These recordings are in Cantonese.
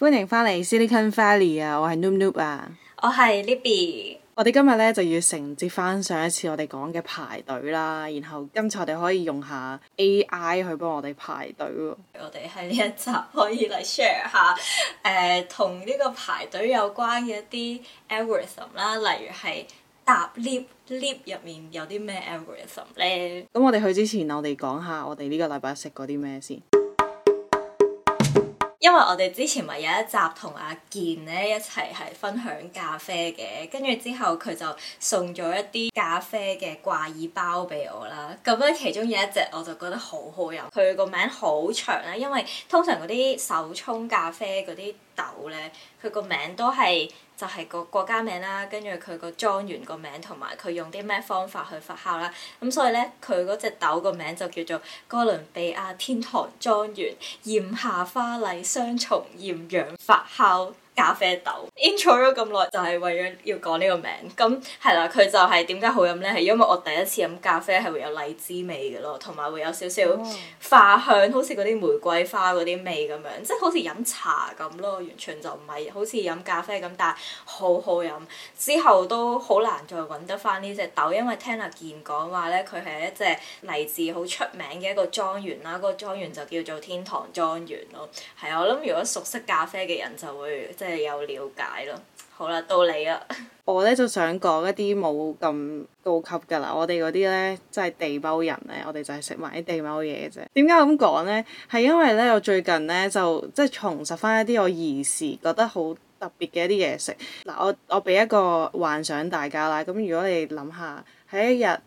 歡迎翻嚟 Silicon Valley 啊！我係 Noob Noob 啊，我係 Libby。我哋今日咧就要承接翻上，上一次我哋講嘅排隊啦，然後今次我哋可以用下 AI 去幫我哋排隊啊。我哋喺呢一集可以嚟 share 下，誒、呃，同呢個排隊有關嘅一啲 algorithm 啦，例如係搭 lift lift 入面有啲咩 algorithm 咧？咁我哋去之前，我哋講下我哋呢個禮拜食過啲咩先。因為我哋之前咪有一集同阿健咧一齊係分享咖啡嘅，跟住之後佢就送咗一啲咖啡嘅掛耳包俾我啦。咁樣其中有一隻我就覺得好好飲，佢個名好長啦，因為通常嗰啲手沖咖啡嗰啲豆咧，佢個名都係，就係個國家名啦，跟住佢個莊園個名同埋佢用啲咩方法去發酵啦，咁所以呢，佢嗰隻豆個名就叫做哥倫比亞天堂莊園艷夏花禮雙重厭氧發酵。咖啡豆 intro 咗咁耐就係、是，為咗要講呢個名咁係啦，佢、嗯、就係點解好飲咧？係因為我第一次飲咖啡係會有荔枝味嘅咯，同埋會有少少花香，哦、好似嗰啲玫瑰花嗰啲味咁樣，即係好似飲茶咁咯，完全就唔係好似飲咖啡咁，但係好好飲，之後都好難再揾得翻呢隻豆，因為聽阿健講話咧，佢係一隻嚟自好出名嘅一個莊園啦，個莊園就叫做天堂莊園咯。係啊，我諗如果熟悉咖啡嘅人就會。即你有了解咯。好啦，到你啦。我呢就想講一啲冇咁高級噶啦。我哋嗰啲呢，即係地踎人呢，我哋就係食埋啲地踎嘢啫。點解咁講呢？係因為呢，我最近呢，就即係重拾翻一啲我兒時覺得好特別嘅一啲嘢食。嗱，我我俾一個幻想大家啦。咁如果你諗下喺一日誒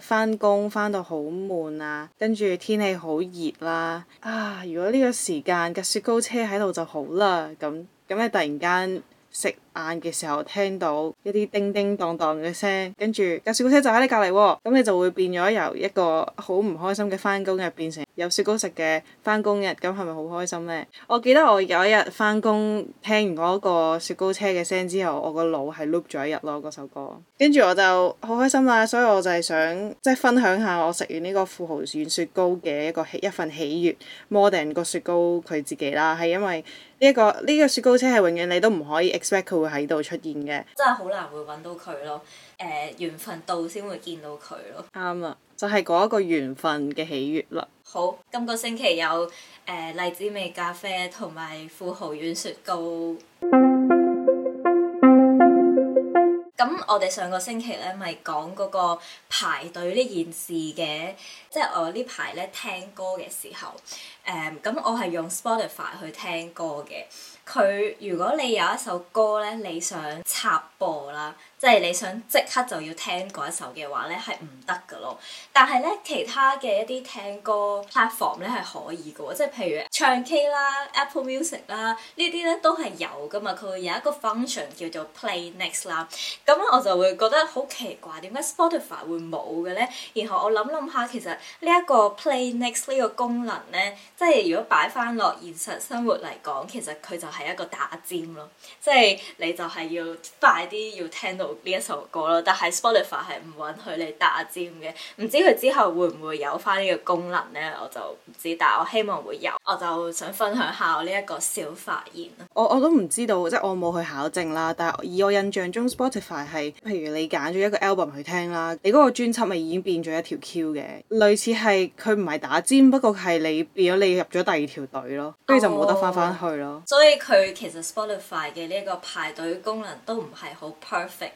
翻工翻到好悶啊，跟住天氣好熱啦啊，啊！如果呢個時間架雪糕車喺度就好啦咁。咁你突然間食晏嘅時候聽到一啲叮叮噹噹嘅聲，跟住架小車就喺你隔籬，咁你就會變咗由一個好唔開心嘅翻工日變成～有雪糕食嘅，翻工日咁係咪好開心呢？我記得我有一日翻工，聽完嗰個雪糕車嘅聲之後，我個腦係 loop 咗一日咯，嗰首歌。跟住我就好開心啦，所以我就係想即係分享下我食完呢個富豪軟雪糕嘅一個一份喜悅，more than 個雪糕佢自己啦，係因為呢一個呢個雪糕車係永遠你都唔可以 expect 佢會喺度出現嘅，真係好難會揾到佢咯。誒，緣分到先會見到佢咯。啱啊，就係嗰一個緣分嘅喜悅啦。好，今個星期有誒、呃、荔枝味咖啡，同埋富豪軟雪糕。咁 我哋上個星期咧咪講嗰個排隊呢件事嘅，即係我呢排咧聽歌嘅時候，誒、呃，咁我係用 Spotify 去聽歌嘅。佢如果你有一首歌咧，你想插播啦。即係你想即刻就要聽嗰一首嘅話咧，係唔得噶咯。但係咧，其他嘅一啲聽歌 platform 咧係可以嘅，即係譬如唱 K 啦、Apple Music 啦，呢啲咧都係有噶嘛。佢會有一個 function 叫做 Play Next 啦。咁咧我就會覺得好奇怪，點解 Spotify 會冇嘅咧？然後我諗諗下，其實呢一個 Play Next 呢個功能咧，即係如果擺翻落現實生活嚟講，其實佢就係一個打尖咯。即係你就係要快啲要聽到。呢一首歌咯，但係 Spotify 係唔允許你打尖嘅。唔知佢之後會唔會有翻呢個功能呢？我就唔知，但係我希望會有。我就想分享下我呢一個小發現啦。我我都唔知道，即係我冇去考證啦。但係以我印象中，Spotify 係譬如你揀咗一個 album 去聽啦，你嗰個專輯咪已經變咗一條 queue 嘅，類似係佢唔係打尖，不過係你變咗你入咗第二條隊咯，跟住就冇得翻返去咯。Oh. 所以佢其實 Spotify 嘅呢一個排隊功能都唔係好 perfect。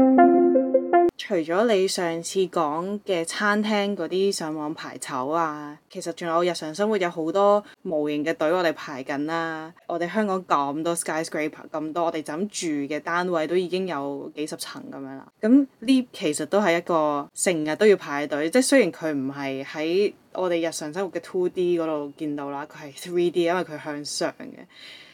除咗你上次講嘅餐廳嗰啲上網排籌啊，其實仲有我日常生活有好多無形嘅隊，我哋排緊啦。我哋香港咁多 skyscraper 咁多，我哋就咁住嘅單位都已經有幾十層咁樣啦。咁呢其實都係一個成日都要排隊，即係雖然佢唔係喺我哋日常生活嘅 two D 嗰度見到啦，佢係 three D，因為佢向上嘅。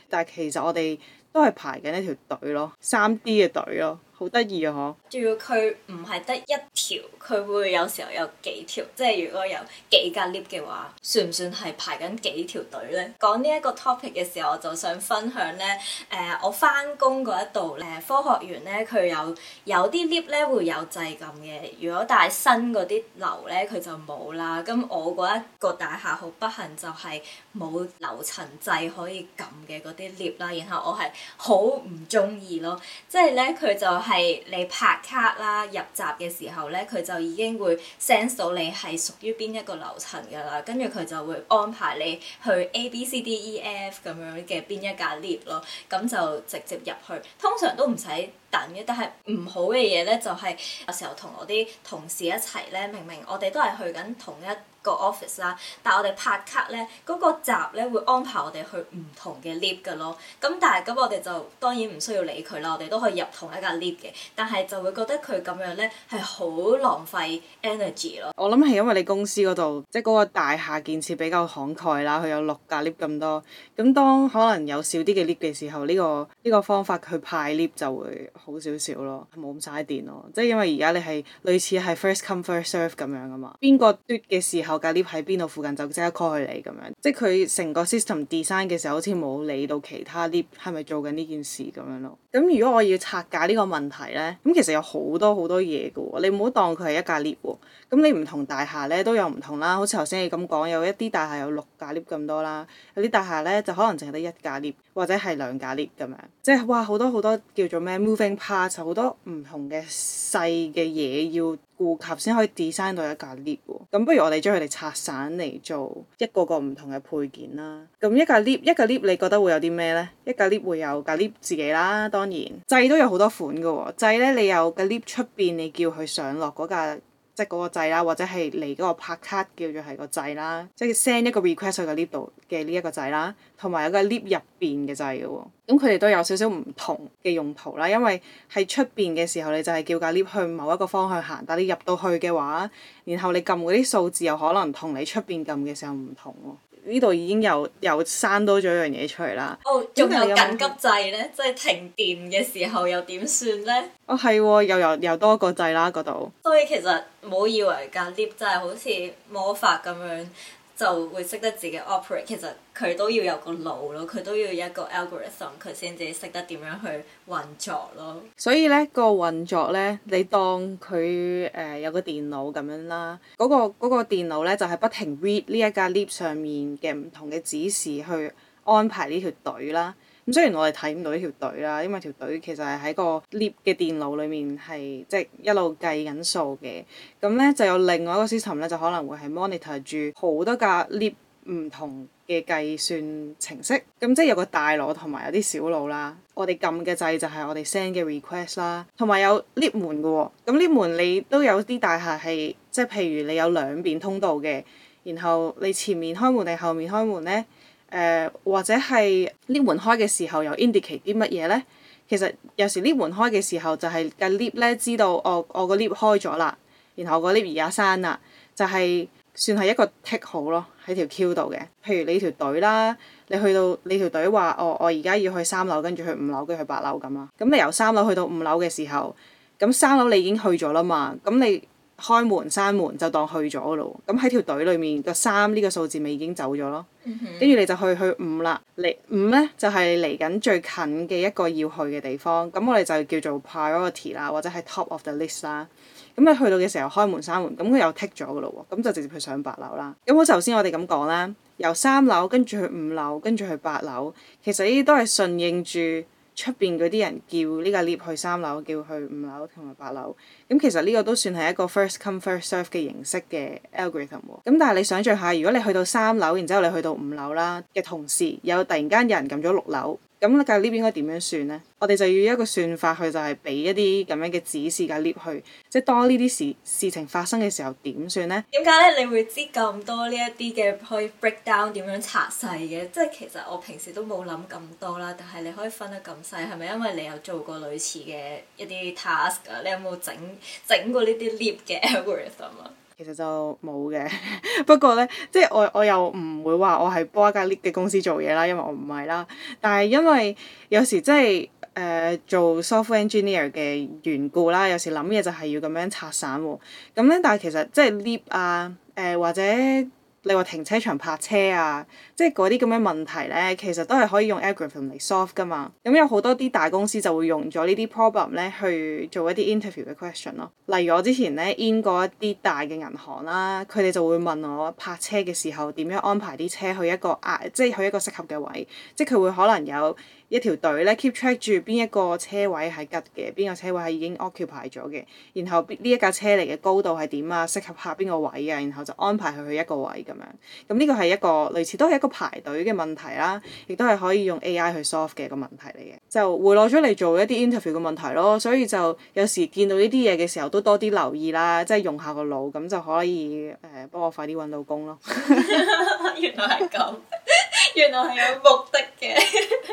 但係其實我哋都係排緊一條隊咯，三 D 嘅隊咯。好得意啊！嗬，仲要佢唔係得一條，佢會有時候有幾條，即係如果有幾格 lift 嘅話，算唔算係排緊幾條隊咧？講呢一個 topic 嘅時候，我就想分享咧，誒、呃、我翻工嗰一度，誒，科學園咧，佢有有啲 lift 咧會有掣撳嘅，如果帶新嗰啲樓咧，佢就冇啦。咁我嗰一個大廈好不幸就係冇樓層掣可以撳嘅嗰啲 lift 啦，然後我係好唔中意咯，即係咧佢就是。係你拍卡啦，入閘嘅時候咧，佢就已經會 sense 到你係屬於邊一個樓層噶啦，跟住佢就會安排你去 A B C D E F 咁樣嘅邊一格 lift 咯，咁就直接入去。通常都唔使等嘅，但係唔好嘅嘢咧就係有時候同我啲同事一齊咧，明明我哋都係去緊同一個 office 啦，但係我哋拍卡咧，個閘咧會安排我哋去唔同嘅 lift 噶咯。咁但係咁我哋就當然唔需要理佢啦，我哋都可以入同一間 lift 嘅。但係就會覺得佢咁樣咧係好浪費 energy 咯。我諗係因為你公司度即係個大廈建設比較慷慨啦，佢有六架 lift 咁多。咁當可能有少啲嘅 lift 嘅時候，呢、呢個呢、呢個方法去派 lift 就會好少少咯，冇咁嘥電咯。即係因為而家你係類似係 first come first serve 咁樣噶嘛，邊個嘟嘅時候，架 lift 喺邊度附近就即刻 call 佢嚟，咁樣，即係佢成個 system design 嘅時候，好似冇理到其他 lift 係咪做緊呢件事咁樣咯。咁、嗯、如果我要拆架呢個問題咧，咁、嗯、其實有好多好多嘢㗎喎，你唔好當佢係一架 lift 咁、嗯、你唔同大廈咧都有唔同啦，好似頭先你咁講，有一啲大廈有六架 lift 咁多啦，有啲大廈咧就可能淨係得一架 lift。或者係兩架 lift 咁樣，即係哇好多好多叫做咩 moving parts，好多唔同嘅細嘅嘢要顧及先可以 design 到一架 lift 喎。咁不如我哋將佢哋拆散嚟做一個個唔同嘅配件啦。咁一架 lift，一架 lift，你覺得會有啲咩呢？一架 lift 會有架 lift 自己啦，當然掣都有好多款㗎喎。掣呢，你有架 lift 出邊，你叫佢上落嗰架。即係嗰個掣啦，或者係嚟嗰個拍卡，卡叫做係個掣啦，即係 send 一個 request 去個 lift 度嘅呢一個掣啦，同埋個 lift 入邊嘅掣喎。咁佢哋都有少少唔同嘅用途啦，因為喺出邊嘅時候，你就係叫架 lift 去某一個方向行，但係你入到去嘅話，然後你撳嗰啲數字又可能同你出邊撳嘅時候唔同喎。呢度已經又又生多咗樣嘢出嚟啦！哦，仲、oh, 有緊急掣呢？ 即係停電嘅時候又點算呢？Oh, 哦，係，又又又多一個掣啦，嗰度。所以其實唔好以為嘅 lift 真係好似魔法咁樣。就會識得自己 operate，其實佢都要有個腦咯，佢都要一個 algorithm，佢先至識得點樣去運作咯。所以呢、這個運作呢，你當佢誒、呃、有個電腦咁樣啦，嗰、那個嗰、那個電腦咧就係、是、不停 read 呢一架 lift 上面嘅唔同嘅指示去安排呢條隊啦。咁雖然我哋睇唔到呢條隊啦，因為條隊其實係喺個 lift 嘅電腦裏面係即係一路計緊數嘅。咁咧就有另外一個 system 咧，就可能會係 monitor 住好多架 lift 唔同嘅計算程式。咁即係有個大腦同埋有啲小腦啦。我哋撳嘅掣就係我哋 send 嘅 request 啦，同埋有 lift 門嘅。咁 lift 門你都有啲大廈係，即係譬如你有兩邊通道嘅，然後你前面開門定後面開門咧？誒、uh, 或者係 lift 門開嘅時候，由 indicate 啲乜嘢呢？其實有時 lift 門開嘅時候，就係個 lift 咧知道哦，我個 lift 開咗啦，然後個 lift 而家閂啦，就係、是、算係一個 tick 好咯喺條 queue 度嘅。譬如你條隊啦，你去到你條隊話哦，我而家要去三樓，跟住去五樓，跟住去八樓咁啦。咁、嗯、你由三樓去到五樓嘅時候，咁、嗯、三樓你已經去咗啦嘛，咁、嗯、你。開門閂門就當去咗咯，咁喺條隊裏面個三呢個數字咪已經走咗咯，跟住你就去去五啦，嚟五咧就係嚟緊最近嘅一個要去嘅地方，咁我哋就叫做 priority 啦，或者係 top of the list 啦，咁你去到嘅時候開門閂門，咁佢又剔咗嘅咯喎，咁就直接去上八樓啦，咁我頭先我哋咁講啦，由三樓跟住去五樓跟住去八樓，其實呢啲都係順應住。出邊嗰啲人叫呢個 lift 去三樓，叫去五樓同埋八樓。咁其實呢個都算係一個 first come first serve 嘅形式嘅 algorithm。咁但係你想象下，如果你去到三樓，然之後你去到五樓啦嘅同時，有突然間有人撳咗六樓。咁個 lift 應該點樣算呢？我哋就要一個算法，去，就係俾一啲咁樣嘅指示嘅 lift 去，即係當呢啲事事情發生嘅時候點算呢？點解咧？你會知咁多呢一啲嘅可以 breakdown 點樣拆細嘅？即係其實我平時都冇諗咁多啦，但係你可以分得咁細，係咪因為你有做過類似嘅一啲 task 噶？你有冇整整過呢啲 lift 嘅 algorithm 啊？其實就冇嘅， 不過咧，即係我我又唔會話我係幫一間 Leap 嘅公司做嘢啦，因為我唔係啦。但係因為有時即係誒做 software engineer 嘅緣故啦，有時諗嘢就係要咁樣拆散喎。咁咧，但係其實即係 Leap 啊，誒、呃、或者。你話停車場泊車啊，即係嗰啲咁嘅問題咧，其實都係可以用 algorithm 嚟 solve 㗎嘛。咁有好多啲大公司就會用咗呢啲 problem 咧去做一啲 interview 嘅 question 咯。例如我之前咧 in 過一啲大嘅銀行啦，佢哋就會問我泊車嘅時候點樣安排啲車去一個啊，即係去一個適合嘅位，即佢會可能有。一條隊咧 keep track 住邊一個車位係吉嘅，邊個車位係已經 occupy 咗嘅，然後呢一架車嚟嘅高度係點啊？適合下邊個位啊？然後就安排佢去一個位咁樣。咁、嗯、呢、這個係一個類似都係一個排隊嘅問題啦，亦都係可以用 AI 去 solve 嘅一個問題嚟嘅，就回落咗嚟做一啲 interview 嘅問題咯。所以就有時見到呢啲嘢嘅時候都多啲留意啦，即係用下個腦咁就可以誒幫、呃、我快啲揾到工咯。 原來係咁，原來係有目的嘅。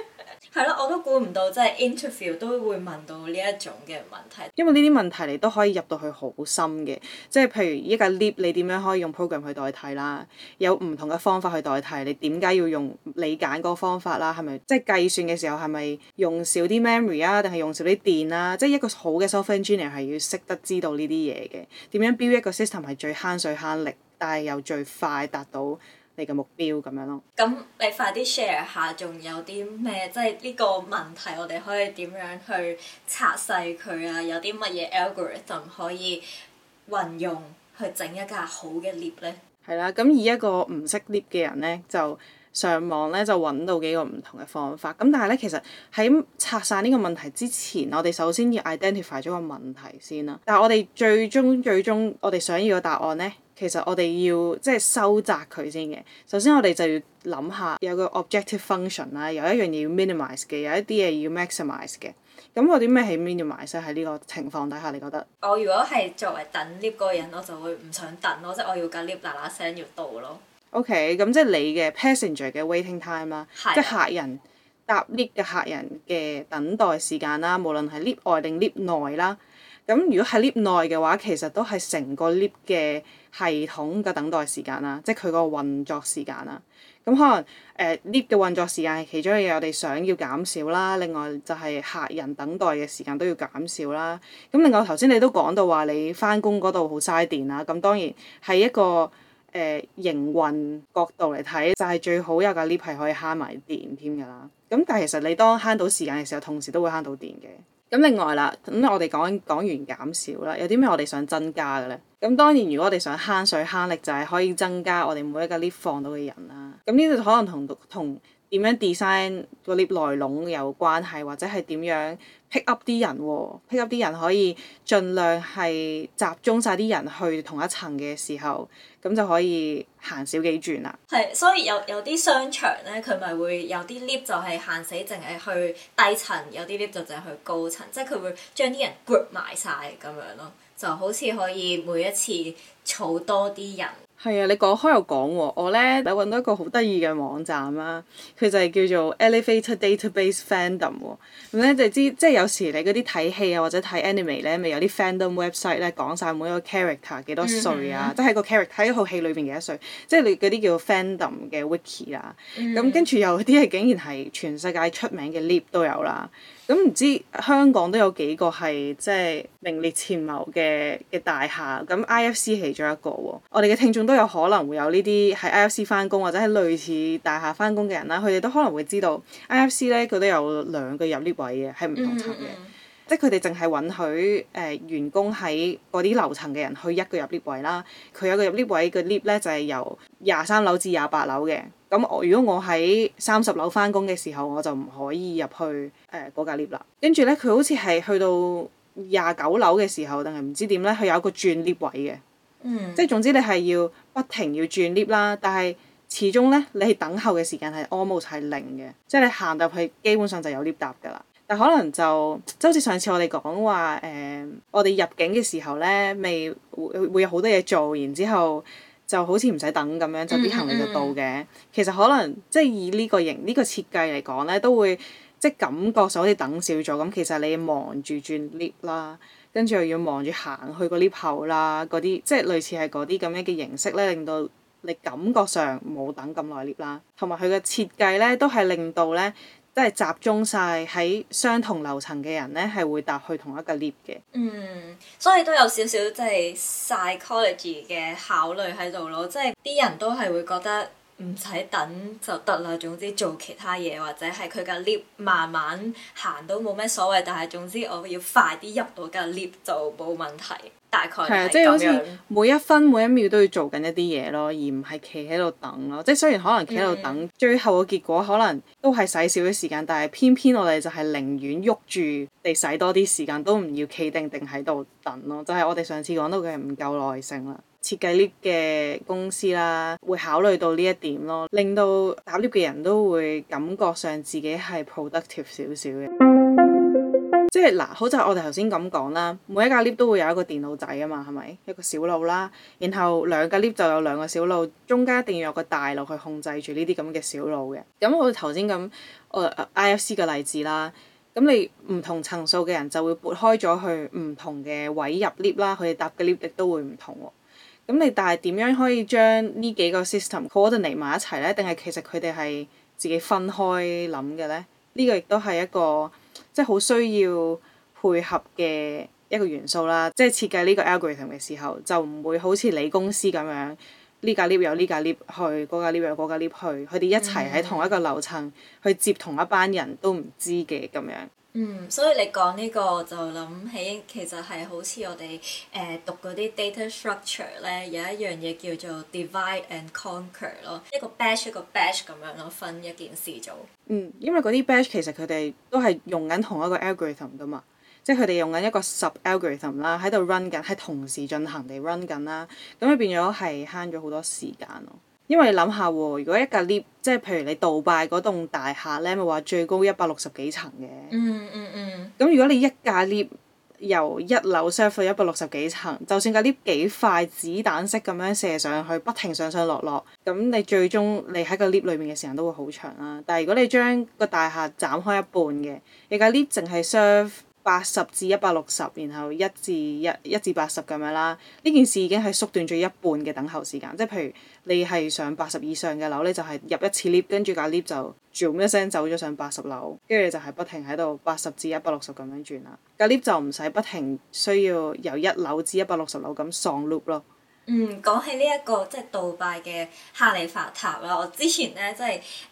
係咯，我都估唔到，即係 interview 都會問到呢一種嘅問題。因為呢啲問題你都可以入到去好深嘅，即係譬如一個 lap 你點樣可以用 program 去代替啦，有唔同嘅方法去代替，你點解要用你揀個方法啦？係咪即係計算嘅時候係咪用少啲 memory 啊，定係用少啲電啦、啊？即係一個好嘅 software engineer 係要識得知道呢啲嘢嘅，點樣 build 一個 system 係最慳水慳力，但係又最快達到。你嘅目標咁樣咯。咁你快啲 share 下，仲有啲咩？即係呢個問題，我哋可以點樣去拆細佢啊？有啲乜嘢 algorithm 可以運用去整一架好嘅 lift 咧？係啦，咁以一個唔識 lift 嘅人咧，就上網咧就揾到幾個唔同嘅方法。咁但係咧，其實喺拆散呢個問題之前，我哋首先要 identify 咗個問題先啦。但係我哋最終最終，我哋想要嘅答案咧？其實我哋要即係收窄佢先嘅。首先我哋就要諗下有個 objective function 啦，有一，function，有一樣嘢要 minimize 嘅，有一啲嘢要 maximize 嘅。咁我啲咩係 minimize 喺呢個情況底下？你覺得？我如果係作為等 lift 嗰個人，我就會唔想等咯，即係我要架 lift 嗱嗱聲要到咯。OK，咁即係你嘅 passenger 嘅 waiting time 啦、啊，即係客人搭 lift 嘅客人嘅等待時間啦，無論係 lift 外定 lift 內啦。咁如果係 lift 內嘅話，其實都係成個 lift 嘅。系統嘅等待時間啦，即係佢個運作時間啦。咁、嗯、可能誒，lift 嘅運作時間係其中一樣我哋想要減少啦。另外就係客人等待嘅時間都要減少啦。咁、嗯、另外頭先你都講到話你返工嗰度好嘥電啦。咁、嗯、當然係一個誒、呃、營運角度嚟睇，就係、是、最好有架 lift 係可以慳埋電添㗎啦。咁、嗯、但係其實你當慳到時間嘅時候，同時都會慳到電嘅。咁另外啦，咁我哋講講完減少啦，有啲咩我哋想增加嘅咧？咁當然，如果我哋想慳水慳力，就係可以增加我哋每一個 lift 放到嘅人啦。咁呢度可能同同。點樣 design 個 lift 內籠有關係，或者係點樣 pick up 啲人喎？pick up 啲人可以盡量係集中晒啲人去同一層嘅時候，咁就可以行少幾轉啦。係，所以有有啲商場咧，佢咪會有啲 lift 就係行死，淨係去低層；有啲 lift 就淨係去高層，即係佢會將啲人 group 埋晒。咁樣咯，就好似可以每一次儲多啲人。係啊，你講開又講喎，我咧你揾到一個好得意嘅網站啦，佢就係叫做 Elevator Database Fandom 咁、嗯、咧就係知，即係有時你嗰啲睇戲啊，或者睇 anime 咧，咪有啲 Fandom website 咧講曬每一個 character 幾多歲啊，mm hmm. 即係個 character 喺嗰套戲裏邊幾多歲，即係你嗰啲叫 Fandom 嘅 wiki 啦、啊。咁跟住有啲係竟然係全世界出名嘅 lift 都有啦。咁唔知香港都有幾個係即係名列前茅嘅嘅大廈，咁 IFC 其中一個喎，哦。我哋嘅聽眾都有可能會有呢啲喺 IFC 翻工或者喺類似大廈翻工嘅人啦，佢哋都可能會知道 IFC 咧佢都有兩個入 lift 位嘅，係唔同層嘅，嗯嗯，即係佢哋淨係允許誒員工喺嗰啲樓層嘅人去一個入 lift 位啦。佢有個入 lift 位個 lift 咧就係、是、由廿三樓至廿八樓嘅。咁我如果我喺三十樓翻工嘅時候，我就唔可以入去誒嗰架 lift 啦。跟住咧，佢、那個、好似係去到廿九樓嘅時候，定係唔知點咧，佢有一個轉 lift 位嘅。嗯、即係總之，你係要不停要轉 lift 啦，但係始終咧，你等候嘅時間係 almost 係零嘅，即係你行入去基本上就有 lift 搭噶啦。但可能就即好似上次我哋講話誒，我哋入境嘅時候咧，未會會有好多嘢做，然之後。就好似唔使等咁樣，就啲行李就到嘅。Mm hmm. 其實可能即係、就是、以呢個型呢、呢個設計嚟講咧，都會即係、就是、感覺上好似等少咗。咁其實你忙住轉 lift 啦，跟住又要忙住行去個 lift 後啦，嗰啲即係類似係嗰啲咁樣嘅形式咧，令到你感覺上冇等咁耐 lift 啦。同埋佢嘅設計咧，都係令到咧。都係集中晒喺相同樓層嘅人呢，係會搭去同一個 lift 嘅。嗯，所以都有少少即係 psychology 嘅考慮喺度咯。即係啲人都係會覺得唔使等就得啦。總之做其他嘢或者係佢嘅 lift 慢慢行都冇咩所謂。但係總之我要快啲入到架 lift 就冇問題。大概係啊，即係、就是、好似每一分每一秒都要做緊一啲嘢咯，而唔係企喺度等咯。即係雖然可能企喺度等，嗯、最後嘅結果可能都係使少啲時間，但係偏偏我哋就係寧願喐住地使多啲時間，都唔要企定定喺度等咯。就係、是、我哋上次講到嘅唔夠耐性啦。設計 lift 嘅公司啦，會考慮到呢一點咯，令到搭 lift 嘅人都會感覺上自己係 productive 少少嘅。即係嗱，好似我哋頭先咁講啦，每一架 lift 都會有一個電腦仔啊嘛，係咪一個小路啦？然後兩架 lift 就有兩個小路，中間一定要有個大路去控制住呢啲咁嘅小路嘅。咁我頭先咁，誒 IFC 嘅例子啦，咁你唔同層數嘅人就會撥開咗去唔同嘅位入 lift 啦，佢哋搭嘅 lift 亦都會唔同喎。咁你但係點樣可以將呢幾個 system coordinate 埋一齊咧？定係其實佢哋係自己分開諗嘅咧？呢個亦都係一個。即係好需要配合嘅一個元素啦，即係設計呢個 algorithm 嘅時候，就唔會好似你公司咁樣。呢架 lift 有呢架 lift 去，嗰架 lift 有嗰架 lift 去，佢哋一齊喺同一個樓層去接同一班人都唔知嘅咁樣。嗯，所以你講呢、這個就諗起，其實係好似我哋誒、呃、讀嗰啲 data structure 咧，有一樣嘢叫做 divide and conquer 咯，一個 batch 一個 batch 咁樣咯，分一件事做。嗯，因為嗰啲 batch 其實佢哋都係用緊同一個 algorithm 㗎嘛，即係佢哋用緊一個 sub algorithm 啦，喺度 run 緊，係同時進行地 run 緊啦，咁咧變咗係慳咗好多時間咯。因為你諗下喎，如果一架 lift 即係譬如你杜拜嗰棟大廈咧，咪話最高一百六十幾層嘅，咁、嗯嗯嗯、如果你一架 lift 由一樓 serve 到一百六十幾層，就算架 lift 幾快子彈式咁樣射上去，不停上上落落，咁你最終你喺個 lift 裏面嘅時間都會好長啦、啊。但係如果你將個大廈斬開一半嘅，你架 lift 淨係 serve。八十至一百六十，160，然後一至一，一至八十咁樣啦。呢件事已經係縮短咗一半嘅等候時間。即係譬如你係上八十以上嘅樓咧，你就係入一次 lift，跟住架 lift 就 jump 一聲走咗上八十樓，跟住就係不停喺度八十至一百六十咁樣轉啦。架 lift 就唔使不停需要由一樓至一百六十樓咁上 lift 咯。嗯，講起呢、這、一個即係、就是、杜拜嘅哈利法塔啦，我之前咧即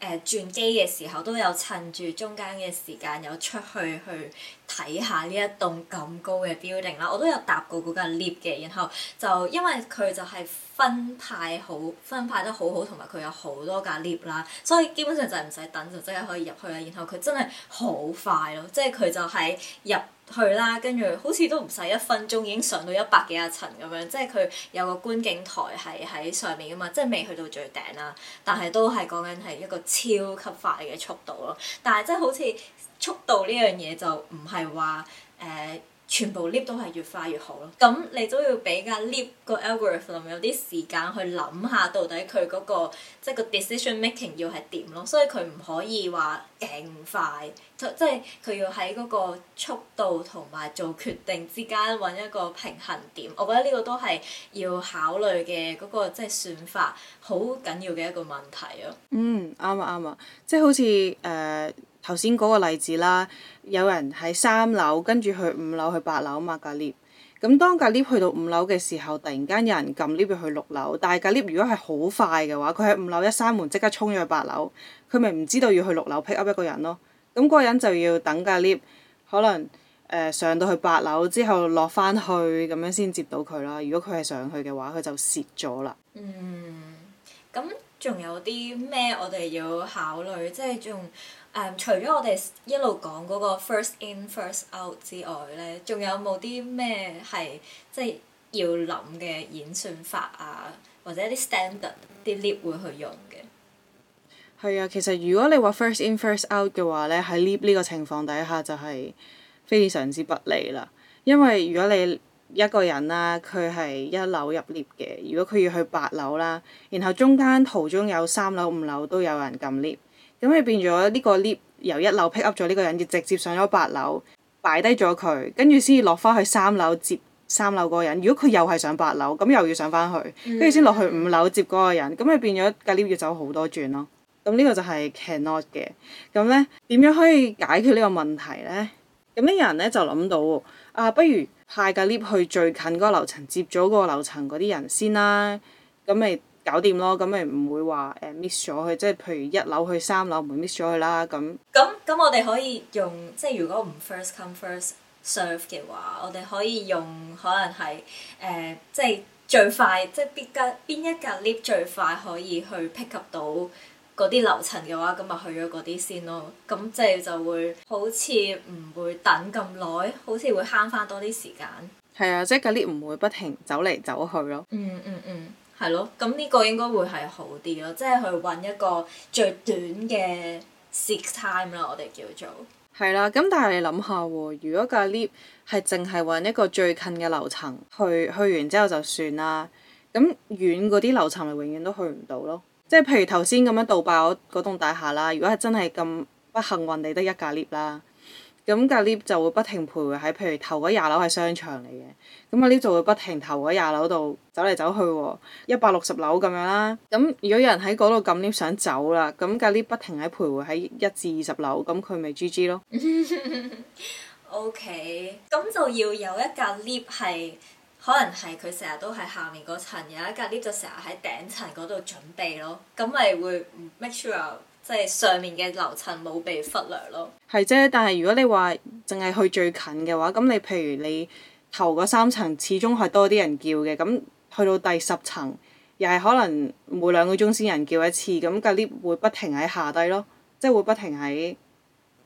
係誒轉機嘅時候都有趁住中間嘅時間有出去去。去睇下呢一棟咁高嘅 building 啦，我都有搭過嗰架 lift 嘅，然後就因為佢就係分派好，分派得好好，同埋佢有好多架 lift 啦，所以基本上就係唔使等就即刻可以入去啦。然後佢真係好快咯，即係佢就係入去啦，跟住好似都唔使一分鐘已經上到一百幾呀層咁樣，即係佢有個觀景台係喺上面㗎嘛，即係未去到最頂啦，但係都係講緊係一個超級快嘅速度咯。但係即係好似。速度呢樣嘢就唔係話誒，全部 lift 都係越快越好咯，咁你都要俾架 lift 個 algorithm 有啲時間去諗下，到底佢嗰個即係個 decision making 要係點咯，所以佢唔可以話勁快，即係佢要喺嗰個速度同埋做決定之間揾一個平衡點。我覺得呢個都係要考慮嘅嗰個即係算法好緊要嘅一個問題咯。嗯，啱啊啱啊，即係好似誒。呃頭先嗰個例子啦，有人喺三樓跟住去五樓去八樓啊嘛，個 lift 咁當個 lift 去到五樓嘅時候，突然間有人撳 lift 去六樓，但係個 lift 如果係好快嘅話，佢喺五樓一閂門即刻衝咗去八樓，佢咪唔知道要去六樓 pick up 一個人咯。咁、那、嗰個人就要等個 lift 可能誒、呃、上到去八樓之後落返去咁樣先接到佢啦。如果佢係上去嘅話，佢就蝕咗啦。嗯，咁仲有啲咩我哋要考慮？即係仲。Um, 除咗我哋一路講嗰個 first in first out 之外呢，仲有冇啲咩係即係要諗嘅演算法啊，或者啲 standard 啲 lift 會去用嘅？係啊，其實如果你話 first in first out 嘅話呢，喺 lift 呢個情況底下就係非常之不利啦，因為如果你一個人啦，佢係一樓入 lift 嘅，如果佢要去八樓啦，然後中間途中有三樓、五樓都有人撳 lift。咁你變咗呢個 lift 由一樓 pick up 咗呢個人，直接上咗八樓，擺低咗佢，跟住先要落翻去三樓接三樓嗰個人。如果佢又係上八樓，咁又要上翻去，跟住先落去五樓接嗰個人。咁你變咗架 lift 要走好多轉咯。咁呢個就係 cannot 嘅。咁咧點樣可以解決呢個問題咧？咁呢人咧就諗到，啊不如派架 lift 去最近嗰個樓層接咗嗰個樓層嗰啲人先啦。咁咪。搞掂咯，咁咪唔會話誒 miss 咗佢，即係譬如一樓去三樓唔會 miss 咗佢啦。咁咁咁，我哋可以用即係如果唔 first come first serve 嘅話，我哋可以用可能係誒、呃、即係最快，即係邊間邊一格 lift 最快可以去 pick up 到嗰啲樓層嘅話，咁咪去咗嗰啲先咯。咁即係就會好似唔會等咁耐，好似會慳返多啲時間。係啊，即係格 lift 唔會不停走嚟走去咯。嗯嗯嗯。嗯嗯。係咯，咁呢個應該會係好啲咯，即係去揾一個最短嘅 seek time 啦，我哋叫做係啦。咁但係你諗下喎，如果架 lift 係淨係揾一個最近嘅樓層去，去完之後就算啦。咁遠嗰啲樓層咪永遠都去唔到咯。即係譬如頭先咁樣杜拜嗰棟大廈啦，如果係真係咁不幸運，你得一架 lift 啦。咁隔 lift 就會不停徘徊喺，譬如頭嗰廿樓係商場嚟嘅，咁個 lift 就會不停頭嗰廿樓度走嚟走去喎，一百六十樓咁樣啦。咁如果有人喺嗰度撳 lift 想走啦，咁隔 lift 不停喺徘徊喺一至二十樓，咁佢咪 GG 咯。 O.K. 咁就要有一架 lift 係，可能係佢成日都喺下面嗰層，有一架 lift 就成日喺頂層嗰度準備咯，咁咪會 make sure。即係上面嘅樓層冇被忽略咯，係啫。但係如果你話淨係去最近嘅話，咁你譬如你頭嗰三層始終係多啲人叫嘅，咁去到第十層又係可能每兩個鐘先人叫一次，咁嗰啲會不停喺下低咯，即係會不停喺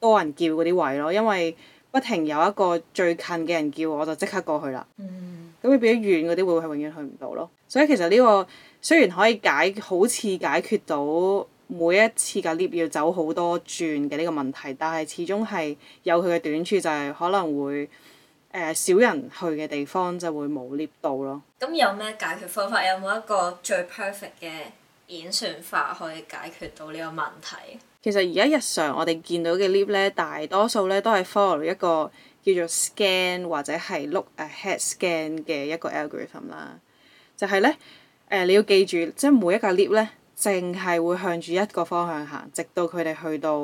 多人叫嗰啲位咯，因為不停有一個最近嘅人叫，我就即刻過去啦。嗯。咁你變咗遠嗰啲會係永遠去唔到咯。所以其實呢、呢個雖然可以解，好似解決到。每一次嘅 lift 要走好多轉嘅呢個問題，但係始終係有佢嘅短處，就係可能會誒少、呃、人去嘅地方就會冇 lift 到咯。咁有咩解決方法？有冇一個最 perfect 嘅演算法可以解決到呢個問題？其實而家日常我哋見到嘅 lift 咧，大多數咧都係 follow 一個叫做 scan 或者係 look ahead scan 嘅一個 algorithm 啦。就係咧誒，你要記住，即係每一架 lift 咧。淨係會向住一個方向行，直到佢哋去到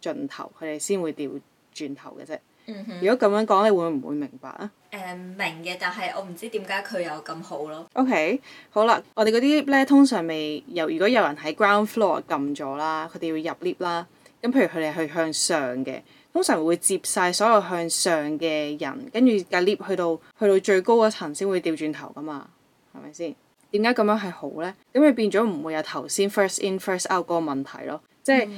盡頭，佢哋先會掉轉頭嘅啫。嗯、哼如果咁樣講，你會唔會明白啊？誒、嗯，明嘅，但係我唔知點解佢有咁好咯。OK，好啦，我哋嗰啲 lift 通常未有。如果有人喺 ground floor 撳咗啦，佢哋要入 lift 啦。咁譬如佢哋去向上嘅，通常會接晒所有向上嘅人，跟住架 lift 去到去到最高嗰層先會掉轉頭㗎嘛，係咪先？點解咁樣係好呢？咁佢變咗唔會有頭先 first in first out 個問題咯，即係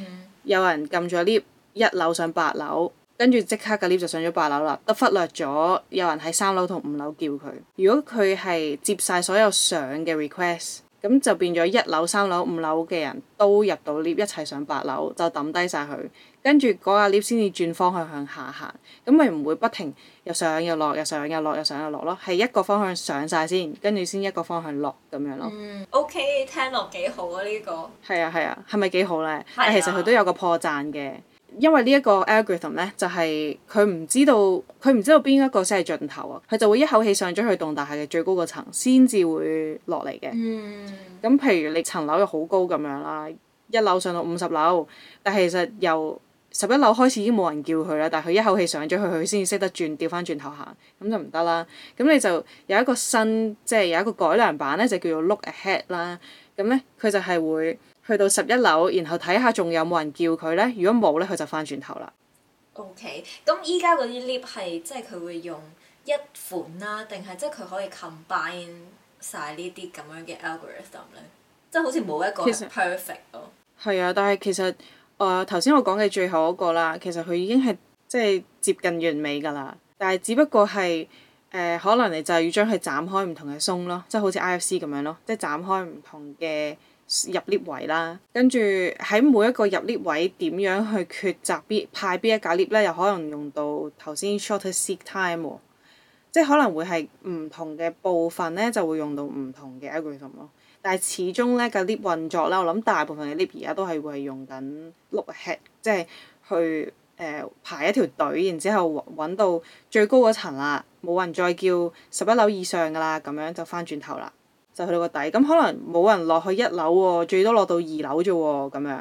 有人撳咗 lift 一樓上八樓，跟住即刻個 lift 就上咗八樓啦，都忽略咗有人喺三樓同五樓叫佢。如果佢係接晒所有上嘅 request，咁就變咗一樓、三樓、五樓嘅人都入到 lift 一齊上八樓，就抌低晒佢。跟住嗰個 lift 先至轉方向向下行，咁咪唔會不停又上又落又上又落又上又落咯，係一個方向上晒先，跟住先一個方向落咁樣咯。嗯，OK，聽落幾好啊呢個。係啊係啊，係咪幾好咧？啊、其實佢都有個破綻嘅，因為呢、就是、一個 algorithm 咧，就係佢唔知道佢唔知道邊一個先係盡頭啊，佢就會一口氣上咗去棟大廈嘅最高個層，先至會落嚟嘅。嗯。咁譬如你層樓又好高咁樣啦，一樓上到五十樓，但其實由十一樓開始已經冇人叫佢啦，但係佢一口氣上咗去，佢先至識得轉，掉翻轉頭行，咁就唔得啦。咁你就有一個新，即係有一個改良版咧，就叫做 look ahead 啦。咁咧，佢就係會去到十一樓，然後睇下仲有冇人叫佢咧。如果冇咧，佢就翻轉頭啦。O K，咁依家嗰啲 lift 係，即係佢會用一款啦，定係即係佢可以 combine 曬呢啲咁樣嘅 algorithm 咧？即係好似冇一個 perfect 咯。係啊，但係其實。誒頭先我講嘅最後嗰個啦，其實佢已經係即係接近完美㗎啦，但係只不過係誒、呃、可能你就係要將佢斬開唔同嘅鬆咯，即係好似 IFC 咁樣咯，即係斬開唔同嘅入 lift 位啦，跟住喺每一個入 lift 位點樣去抉擇邊派邊一架 lift 咧，又可能用到頭先 shorter seek time，哦。即係可能會係唔同嘅部分咧，就會用到唔同嘅 algorithm 咯。但係始終咧，個 lift 運作咧，我諗大部分嘅 lift 而家都係會係用緊 look ahead，即係去誒、呃、排一條隊，然之後揾到最高嗰層啦，冇人再叫十一樓以上噶啦，咁樣就翻轉頭啦，就去到個底。咁、嗯、可能冇人落去一樓喎，最多落到二樓咋喎，咁樣。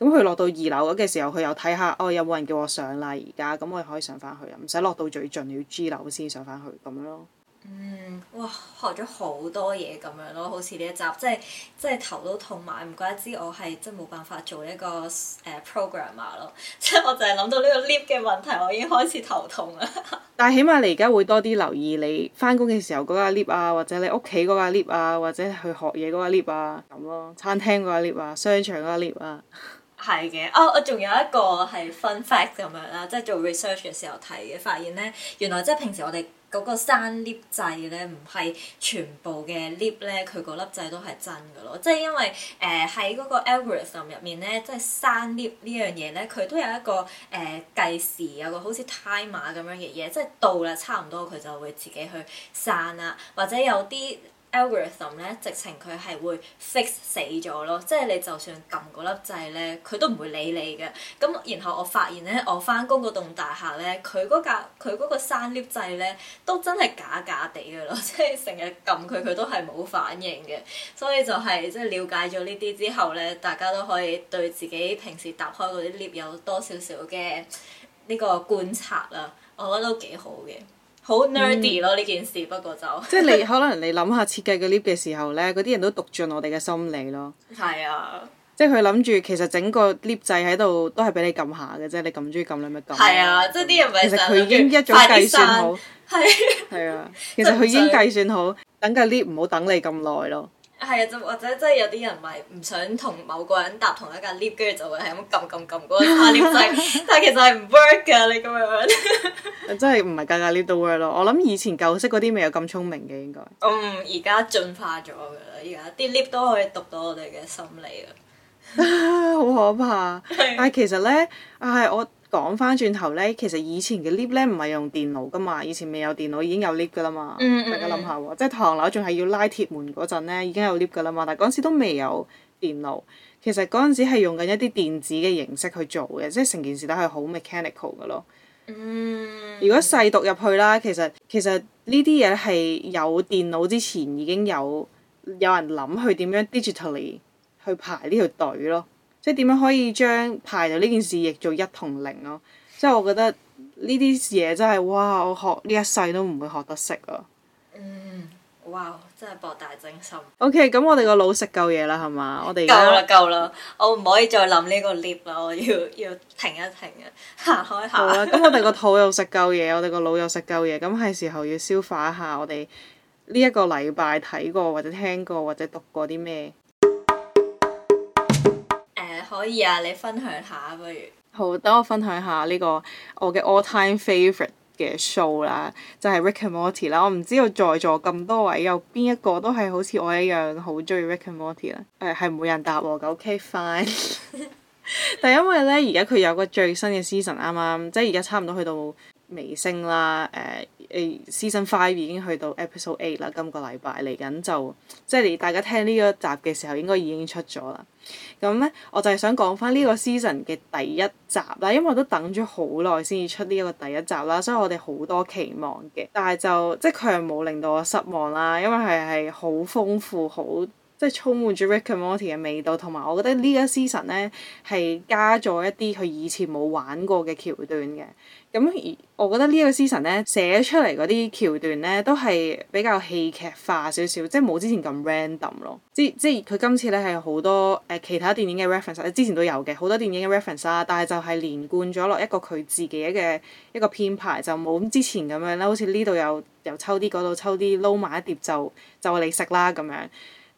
咁佢落到二樓嗰嘅時候，佢又睇下哦，有冇人叫我上啦？而家咁我可以上翻去啊，唔使落到最盡要 G 樓先上翻去咁樣咯。嗯，哇，學咗好多嘢咁樣咯，好似呢一集，即係即係頭都痛埋。唔怪得知我係真係冇辦法做一個、呃、programmer 咯。即係我就係諗到呢個 lift 嘅問題，我已經開始頭痛啦。 但係起碼你而家會多啲留意你翻工嘅時候嗰架 lift 啊，或者你屋企嗰架 lift 啊，或者去學嘢嗰架 lift 啊，咁咯，餐廳嗰架 lift 啊，商場嗰架 lift 啊。 係嘅，哦，我仲有一個係 fun fact 咁樣啦，即係做 research 嘅時候睇嘅，發現咧原來即係平時我哋嗰個閂 𨋢 掣咧，唔係全部嘅 𨋢 咧，佢嗰粒掣都係真嘅咯，即係因為誒喺嗰個 algorithm 入面咧，即係閂 𨋢 呢樣嘢咧，佢都有一個誒、呃、計時有個好似 timer 咁樣嘅嘢，即係到啦差唔多佢就會自己去閂啦，或者有啲。Algorithm 咧，Alg m，直情佢係會 fix 死咗咯，即係你就算撳嗰粒掣咧，佢都唔會理你嘅。咁然後我發現咧，我翻工嗰棟大廈咧，佢嗰架佢嗰個 lift 掣咧，都真係假假地嘅咯，即係成日撳佢佢都係冇反應嘅。所以就係即係了解咗呢啲之後咧，大家都可以對自己平時搭開嗰啲 lift 有多少少嘅呢個觀察啦，我覺得都幾好嘅。好 nerdy 咯呢件事，不過就即係你可能你諗下設計個 lift 嘅時候咧，嗰啲人都讀盡我哋嘅心理咯。係啊，即係佢諗住其實整個 lift 掣喺度都係俾你撳下嘅啫，你咁中意撳，你咪撳。係啊，即係啲人咪，其實佢已經一早計算好。係山。係啊， 其實佢已經計算好，等個 lift 唔好等你咁耐咯。係啊，就或者真係有啲人咪唔想同某個人搭同一架 lift，跟住就會係咁撳撳撳嗰個 lift 但係其實係唔 work 㗎，你咁樣樣。 真係唔係架架 lift 都 work 咯，我諗以前舊式嗰啲未有咁聰明嘅應該。嗯，而家進化咗㗎啦，而家啲 lift 都可以讀到我哋嘅心理啊。好 可怕！的但係其實咧，唉、哎，我。講翻轉頭咧，其實以前嘅 lift 咧唔係用電腦噶嘛，以前未有電腦已經有 lift 噶啦嘛。Mm hmm. 大家諗下喎，即係唐樓仲係要拉鐵門嗰陣咧，已經有 lift 噶啦嘛。但係嗰陣時都未有電腦，其實嗰陣時係用緊一啲電子嘅形式去做嘅，即係成件事都係好 mechanical 嘅咯。Mm hmm. 如果細讀入去啦，其實其實呢啲嘢係有電腦之前已經有有人諗去點樣 digitally 去排呢條隊咯。即係點樣可以將排隊呢件事亦做一同零咯，啊？即係我覺得呢啲嘢真係哇！我學呢一世都唔會學得識啊～嗯，哇！真係博大精深。OK，咁我哋個腦食夠嘢啦，係嘛？我哋夠啦夠啦，我唔可以再諗呢個 lift 啦，我要要停一停一下啊，行開下。好啦，咁我哋個肚又食夠嘢，我哋個腦又食夠嘢，咁係時候要消化一下我哋呢一個禮拜睇過或者聽過或者讀過啲咩？可以啊，你分享下不如？好，等我分享下呢、這個我嘅 all time favorite 嘅 show 啦，就係、是、Rick and Morty 啦。我唔知道在座咁多位有邊一個都係好似我一樣好中意 Rick and Morty 啦。誒、呃，係冇人答我嘅，OK fine。 但係因為咧，而家佢有個最新嘅 season，啱啱即係而家差唔多去到尾聲啦，誒、呃。誒 season five 已經去到 episode eight 啦，今個禮拜嚟緊就即係大家聽呢一集嘅時候，應該已經出咗啦。咁咧，我就係想講翻呢個 season 嘅第一集啦，因為我都等咗好耐先至出呢一個第一集啦，所以我哋好多期望嘅，但係就即係佢係冇令到我失望啦，因為係係好豐富好。即係充滿住 Rick and Morty 嘅味道，同埋我覺得呢個 season 咧係加咗一啲佢以前冇玩過嘅橋段嘅。咁而我覺得呢一個 season 咧寫出嚟嗰啲橋段咧都係比較戲劇化少少，即係冇之前咁 random 咯。即即係佢今次咧係好多誒、呃、其他電影嘅 reference，之前都有嘅好多電影嘅 reference 啦，但係就係連貫咗落一個佢自己嘅一個編排，就冇之前咁樣啦。好似呢度又又抽啲，嗰度抽啲，撈埋一碟就就嚟食啦咁樣。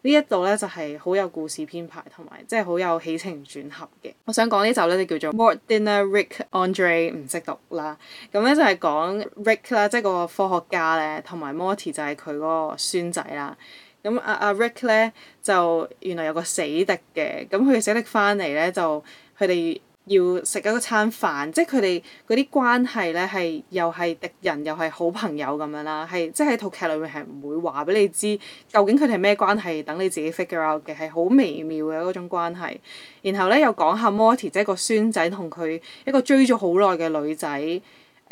呢一度咧就係好有故事編排同埋即係好有起承轉合嘅。我想講呢集咧就叫做《Mort Dinner Rick Andre》，唔識讀啦。咁咧就係講 Rick 啦，即係個科學家咧，同埋 Morty 就係佢嗰個孫仔啦。咁阿阿 Rick 咧就原來有個死敵嘅，咁佢嘅死敵翻嚟咧就佢哋。要食一個餐飯，即係佢哋嗰啲關係咧，係又係敵人又係好朋友咁樣啦，係即係套劇裏面係唔會話俾你知究竟佢哋係咩關係。等你自己 figure out 嘅，係好微妙嘅嗰種關係。然後咧又講下 Morty 即係個孫仔同佢一個追咗好耐嘅女仔。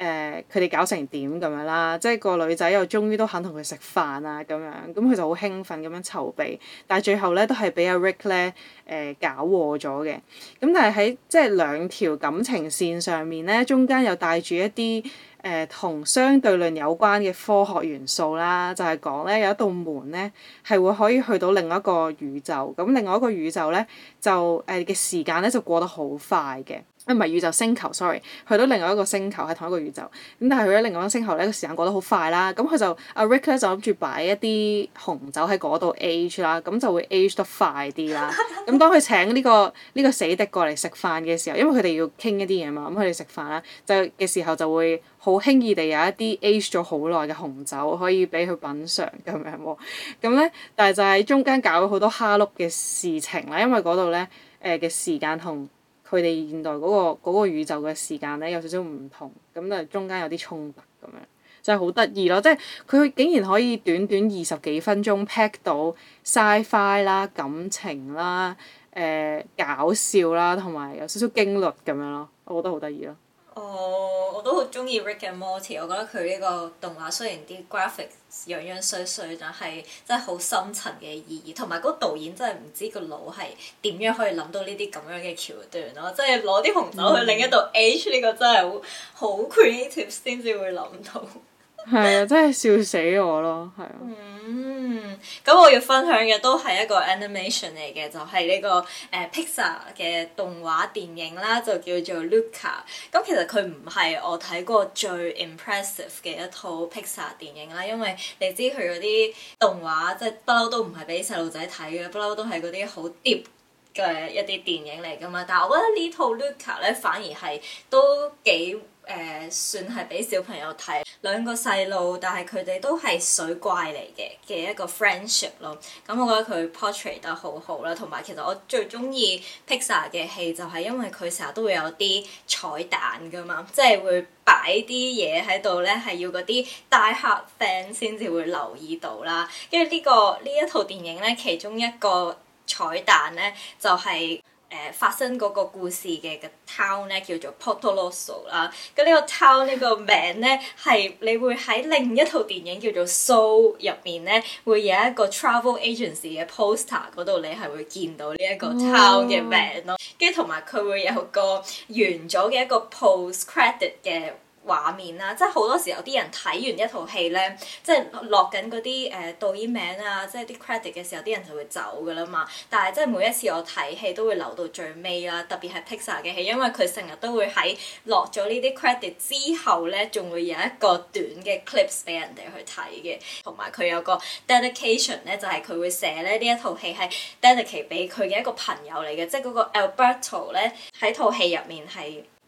誒佢哋搞成點咁樣啦，即係個女仔又終於都肯同佢食飯啊咁樣，咁佢就好興奮咁樣籌備，但係最後咧都係俾阿 Rick 咧誒、呃、搞禍咗嘅。咁但係喺即係兩條感情線上面咧，中間又帶住一啲誒同相對論有關嘅科學元素啦，就係講咧有一道門咧係會可以去到另一個宇宙，咁另外一個宇宙咧就誒嘅、呃、時間咧就過得好快嘅。咩？唔係宇宙星球，sorry，去到另外一個星球，係同一個宇宙。咁但係去到另外一個星球，呢個時間過得好快啦。咁佢就阿、啊、Rick 咧就諗住擺一啲紅酒喺嗰度 age 啦，咁就會 age 得快啲啦。咁 當佢請呢、這個呢、這個死敵過嚟食飯嘅時候，因為佢哋要傾一啲嘢嘛，咁佢哋食飯啦，就嘅時候就會好輕易地有一啲 age 咗好耐嘅紅酒可以俾佢品嘗。咁樣咁咧，但係就喺中間搞咗好多哈碌嘅事情啦，因為嗰度咧誒嘅時間同。佢哋現代嗰個，嗰個宇宙嘅時間咧有少少唔同，咁就中間有啲衝突咁樣，就係好得意咯！即係佢竟然可以短短二十幾分鐘 pack 到 sci-fi 啦、fi，感情啦、誒、呃、搞笑啦，同埋有少少驚慄咁樣咯，我覺得好得意咯。哦。Oh. 中意《Rick and Morty》，我覺得佢呢個動畫雖然啲 graphics 樣樣衰衰，但係真係好深層嘅意義。同埋嗰導演真係唔知個腦係點樣可以諗到呢啲咁樣嘅橋段咯，即係攞啲紅豆去另一度 H 呢、嗯、個真係好好 creative 先至會諗到。係啊，真係笑死我咯，係啊。嗯，咁我要分享嘅都係一個 animation 嚟嘅，就係、是、呢、這個誒、呃、Pixar 嘅動畫電影啦，就叫做 Luca。咁、嗯、其實佢唔係我睇過最 impressive 嘅一套 Pixar 電影啦，因為你知佢嗰啲動畫即係、就是、不嬲都唔係俾細路仔睇嘅，不嬲都係嗰啲好 deep 嘅一啲電影嚟噶嘛。但係我覺得呢套 Luca 咧，反而係都幾～誒，算係俾小朋友睇，兩個細路，但係佢哋都係水怪嚟嘅嘅一個 friendship 咯。咁我覺得佢 p o r t r a i t 得好好啦，同埋其實我最中意 Pixar 嘅戲就係因為佢成日都會有啲彩蛋噶嘛，即係會擺啲嘢喺度咧，係要嗰啲大客 fan 先至會留意到啦。跟住呢個呢一套電影咧，其中一個彩蛋咧就係、是。誒、呃、發生嗰個故事嘅個 town 咧，叫做 Portolosso 啦。咁呢個 town 呢個名咧，係 你會喺另一套電影叫做 Soul 入面咧，會有一個 travel agency 嘅 poster 嗰度，你係會見到呢哇一個 town 嘅名咯。跟住同埋佢會有個完咗嘅一個 post credit 嘅。畫面啦，即係好多時候有啲人睇完一套戲咧，即係落緊嗰啲誒導演名啊，即係啲 credit 嘅時候，啲人就會走噶啦嘛。但係即係每一次我睇戲都會留到最尾啦，特別係 Pixar 嘅戲，因為佢成日都會喺落咗呢啲 credit 之後咧，仲會有一個短嘅 clips 俾人哋去睇嘅，同埋佢有個 dedication 咧，就係佢會寫咧呢一套戲係 dedicate 俾佢嘅一個朋友嚟嘅，即係嗰個 Alberto 咧喺套戲入面係，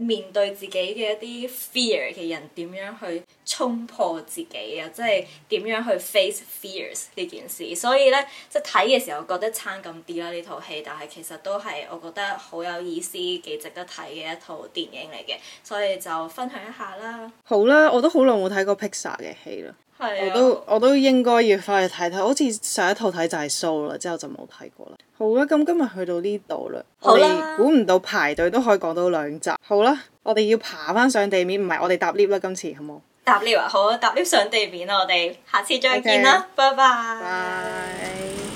面對自己嘅一啲 fear 嘅人點樣去衝破自己啊？即係點樣去 face fears 呢件事？所以呢，即係睇嘅時候覺得差咁啲啦呢套戲，但係其實都係我覺得好有意思、幾值得睇嘅一套電影嚟嘅，所以就分享一下啦。好啦，我都好耐冇睇過 Pixar 嘅戲啦。我都我都應該要翻去睇睇，好似上一套睇就係 show 啦，之後就冇睇過啦。好啊、嗯、好啦，咁今日去到呢度啦，我哋估唔到排隊都可以講到兩集。好啦、啊，我哋要爬翻上地面，唔係我哋搭 lift 啦，今次好冇？搭 lift 啊，好啊，搭 lift 上地面啦，我哋下次再見啦，Okay. 拜拜。Bye.